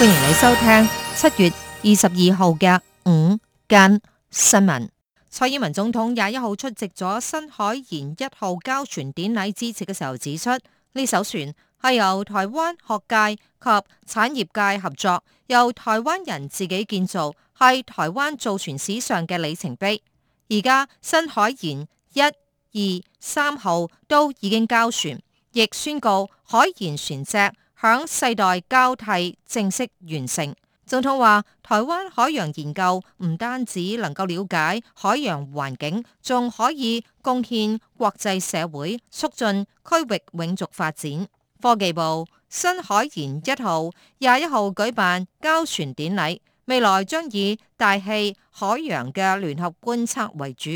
歡迎你收聽七月二十二號嘅午間新聞。蔡英文總統廿一號出席咗新海研一號交船典禮，之前嘅時候指出，呢艘船係由台灣學界及產業界合作，由台灣人自己建造，係台灣造船史上嘅里程碑。而家新海研一二三號都已經交船，亦宣告海研船隻，響世代交替正式完成。總統話：台灣海洋研究唔單止能夠了解海洋環境，仲可以貢獻國際社會，促進區域永續發展。科技部新海研一號廿一號舉辦交船典禮，未來將以大氣海洋嘅聯合觀測為主，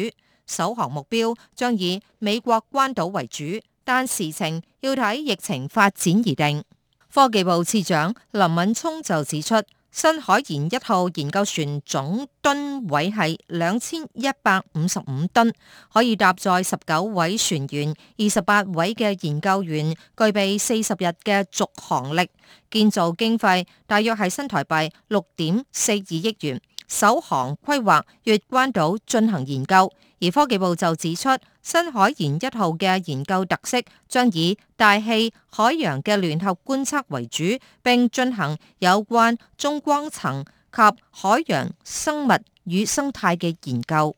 首航目標將以美國關島為主，但事情要睇疫情發展而定。科技部次長林敏聰就指出，新海研一號研究船總噸位係兩千一百五十五噸，可以搭載十九位船員、二十八位嘅研究員，具備四十日嘅續航力。建造經費大約係新台幣六點四二億元。首航規劃月關島進行研究，而科技部就指出，新海研一號嘅研究特色將以大氣、海洋嘅聯合觀測為主，並進行有關中光層及海洋生物與生態嘅研究。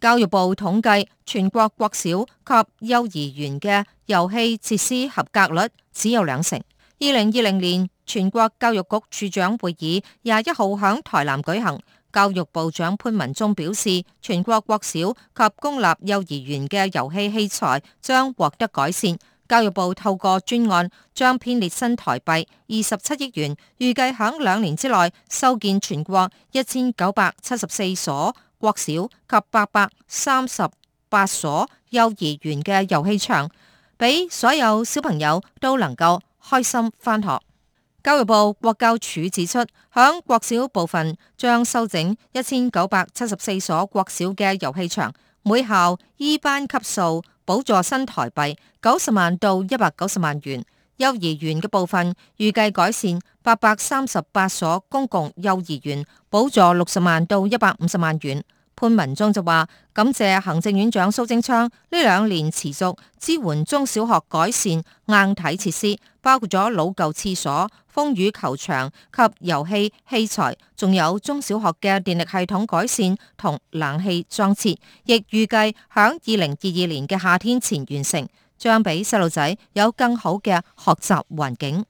教育部統計，全國國小及幼兒園嘅遊戲設施合格率只有兩成。二零二零年全國教育局處長會議廿一號喺台南舉行。教育部長潘文忠表示，全國國小及公立幼兒園嘅遊戲器材將獲得改善。教育部透過專案將編列新台幣二十七億元，預計喺兩年之內修建全國一千九百七十四所國小及八百三十八所幼兒園嘅遊戲場，俾所有小朋友都能夠開心翻學，教育部國教署指出，響國小部分將修整一千九百七十四所國小嘅遊戲場，每校依班級數補助新台幣九十萬到一百九十萬元；幼兒園嘅部分預計改善八百三十八所公共幼兒園，補助六十萬到一百五十萬元。潘文忠就話：感謝行政院長蘇貞昌呢兩年持續支援中小學改善硬體設施，包括咗老舊廁所、風雨球場及遊戲器材，仲有中小學嘅電力系統改善同冷氣裝設，亦預計響二零二二年嘅夏天前完成，將俾細路仔有更好嘅學習環境。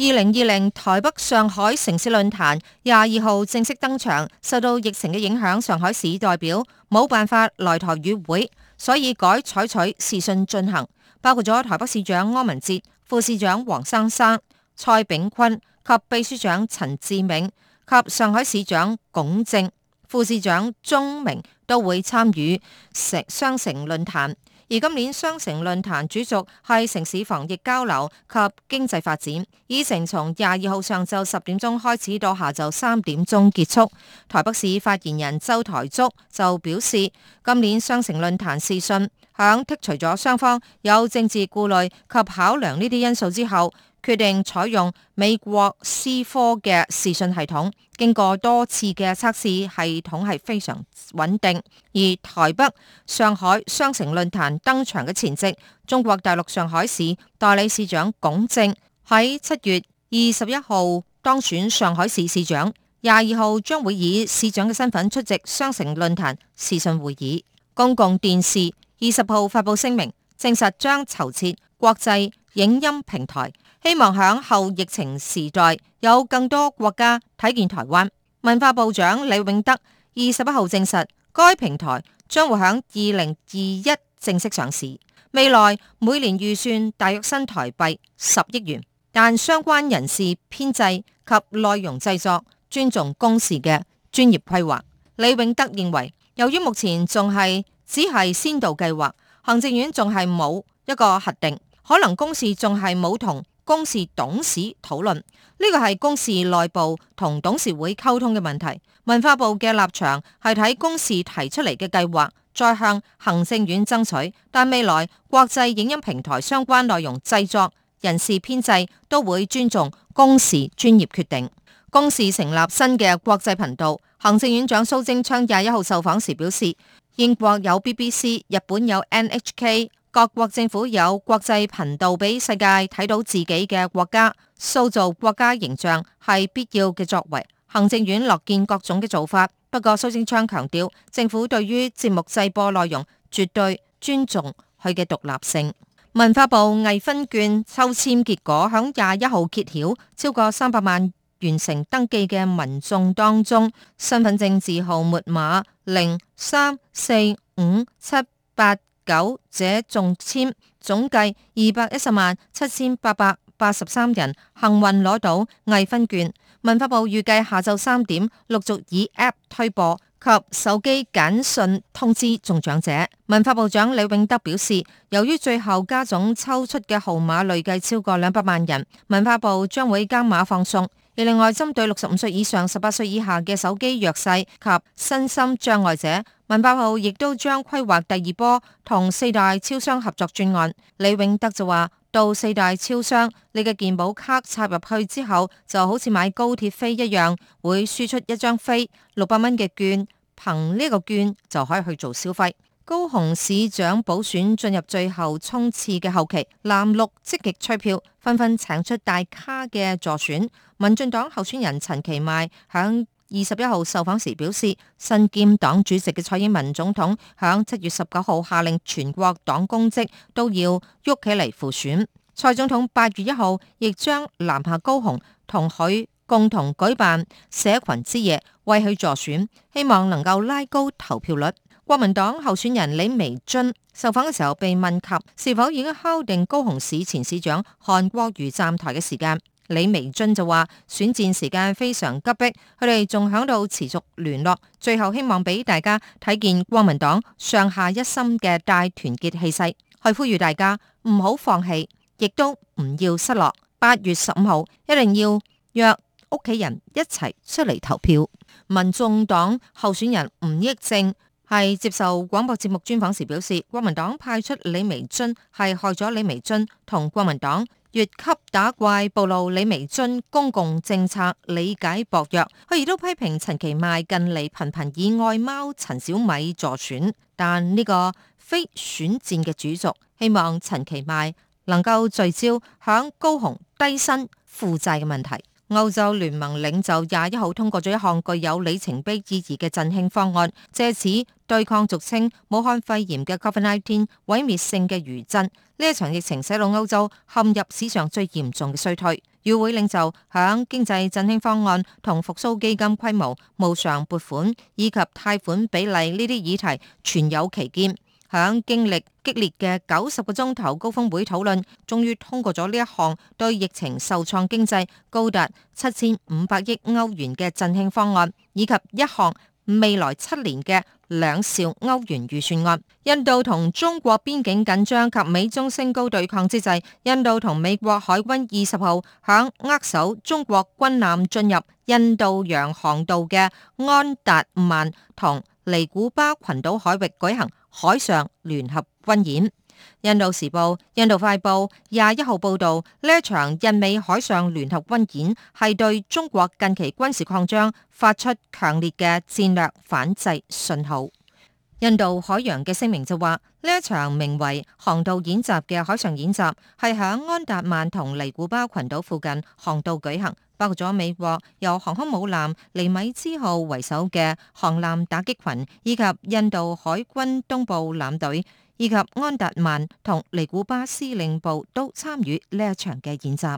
二零二零台北上海城市論壇廿二號正式登場，受到疫情嘅影響，上海市代表冇辦法來台與會，所以改採取視訊進行。包括咗台北市長柯文哲、副市長黃珊珊、蔡炳坤及秘書長陳志銘及上海市長龔正、副市長宗明都會參與成雙城論壇。而今年雙城論壇主軸係城市防疫交流及經濟發展，議程從廿二號上晝十點鐘開始到下晝三點鐘結束。台北市發言人周台燭就表示，今年雙城論壇視訊響剔除咗雙方有政治顧慮及考量呢啲因素之後。決定採用美國思科嘅視訊系統，經過多次嘅測試，系統係非常穩定。而台北、上海雙城論壇登場嘅前夕，中國大陸上海市代理市長龔正喺七月二十一號當選上海市市長，廿二號將會以市長嘅身份出席雙城論壇視訊會議。公共電視二十號發佈聲明，證實將籌設國際。影音平台希望響後疫情時代有更多國家睇見台灣，文化部長李永德二十一號證實，該平台將會響二零二一正式上線。未來每年預算大約新台幣十億元，但相關人士編制及內容製作尊重公視嘅專業規劃。李永德認為，由於目前仲係只係先導計劃，行政院仲係冇一個核定。可能公視仲係冇同公視董事討論，呢個係公視內部同董事會溝通嘅問題。文化部嘅立場係睇公視提出嚟嘅計劃，再向行政院爭取。但未來國際影音平台相關內容製作、人事編制都會尊重公視專業決定。公視成立新嘅國際頻道，行政院長蘇貞昌廿一號受訪時表示，英國有 BBC，日本有 NHK。各國政府有國際頻道俾世界睇到自己嘅國家，塑造國家形象係必要嘅作為。行政院樂見各種嘅做法，不過蘇貞昌強調，政府對於節目製播內容絕對尊重佢嘅獨立性。文化部藝分券抽籤結果響廿一號揭曉，超過三百萬完成登記嘅民眾當中，身份證字號末碼零三四五七八。九者中籤，總計二百一十萬七千八百八十三人幸運攞到藝分券。文化部預計下晝三點陸續以 App 推播及手機簡訊通知中獎者。文化部長李永得表示，由於最後加總抽出嘅號碼累計超過兩百萬人，文化部將會加碼放送。而另外，針對六十五歲以上、十八歲以下嘅手機弱勢及身心障礙者。文化部亦都將規劃第二波同四大超商合作專案。李永德就話：到四大超商，你嘅健保卡插入去之後，就好似買高鐵飛一樣，會輸出一張飛，六百蚊嘅券，憑呢個券就可以去做消費。高雄市長補選進入最後衝刺嘅後期，藍綠積極催票，紛紛請出大咖嘅助選。民進黨候選人陳其邁響。二十一號受訪時表示，新兼黨主席嘅蔡英文總統響七月十九號下令全國黨公職都要喐起嚟輔選。蔡總統八月一號亦將南下高雄同佢共同舉辦社群之夜為佢助選，希望能夠拉高投票率。國民黨候選人李眉蓁受訪嘅時候被問及是否已經敲定高雄市前市長韓國瑜站台嘅時間。李眉蓁就話：選戰時間非常急迫，佢哋仲喺度持續聯絡，最後希望俾大家睇見國民黨上下一心嘅大團結氣勢，去呼籲大家唔好放棄，亦都唔要失落。八月十五號一定要約屋企人一齊出嚟投票。民眾黨候選人吳益政係接受廣播節目專訪時表示：國民黨派出李眉蓁係害咗李眉蓁同國民黨。越級打怪，暴露李微津公共政策理解薄弱，佢亦都批評陳其邁近嚟頻頻以愛貓陳小米助選，但呢個非選戰嘅主軸，希望陳其邁能夠聚焦響高雄低薪負債嘅問題。歐洲聯盟領袖廿一號通過咗一項具有里程碑意義嘅振興方案，借此對抗俗稱武漢肺炎嘅 COVID-19 毀滅性嘅餘震。呢一場疫情使到歐洲陷入史上最嚴重嘅衰退，與會領袖響經濟振興方案同復甦基金規模、無償撥款以及貸款比例呢啲議題存有歧見。響經歷激烈嘅九十個鐘頭高峰會討論，終於通過咗呢一項對疫情受創經濟高達七千五百億歐元嘅振興方案，以及一項未來七年嘅兩兆歐元預算案。印度同中國邊境緊張及美中升高對抗之際，印度同美國海軍二十號響扼守中國軍艦進入印度洋航道嘅安達曼同尼古巴群島海域舉行。海上聯合軍演，《印度時報》《印度快報》廿一號報導，呢一場印美海上聯合軍演係對中國近期軍事擴張發出強烈嘅戰略反制信號。印度海洋嘅聲明就話呢一場名為航道演習嘅海上演習，係喺安達曼同尼古巴群島附近航道舉行，包括咗美國由航空母艦尼米茲號為首嘅航艦打擊群，以及印度海軍東部艦隊，以及安達曼同尼古巴司令部都參與呢一場嘅演習。